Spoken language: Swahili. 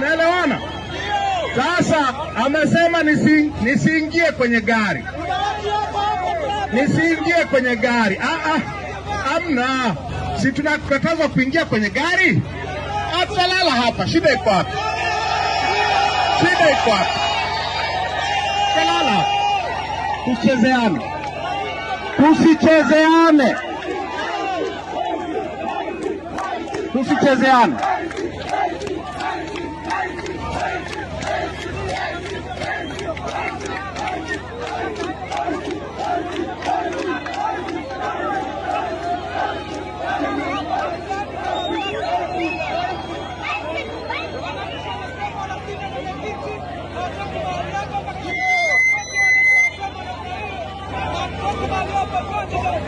Naelewana? Sasa amesema nisi, nisiingie kwenye gari, nisiingie kwenye gari. Ah, ah, amna, si tunakatazwa kuingia kwenye gari? Atalala hapa, shida iko wapi? Shida iko wapi? Talala, tusichezeane, tusichezeane, tusichezeane. Valeu, Pagode!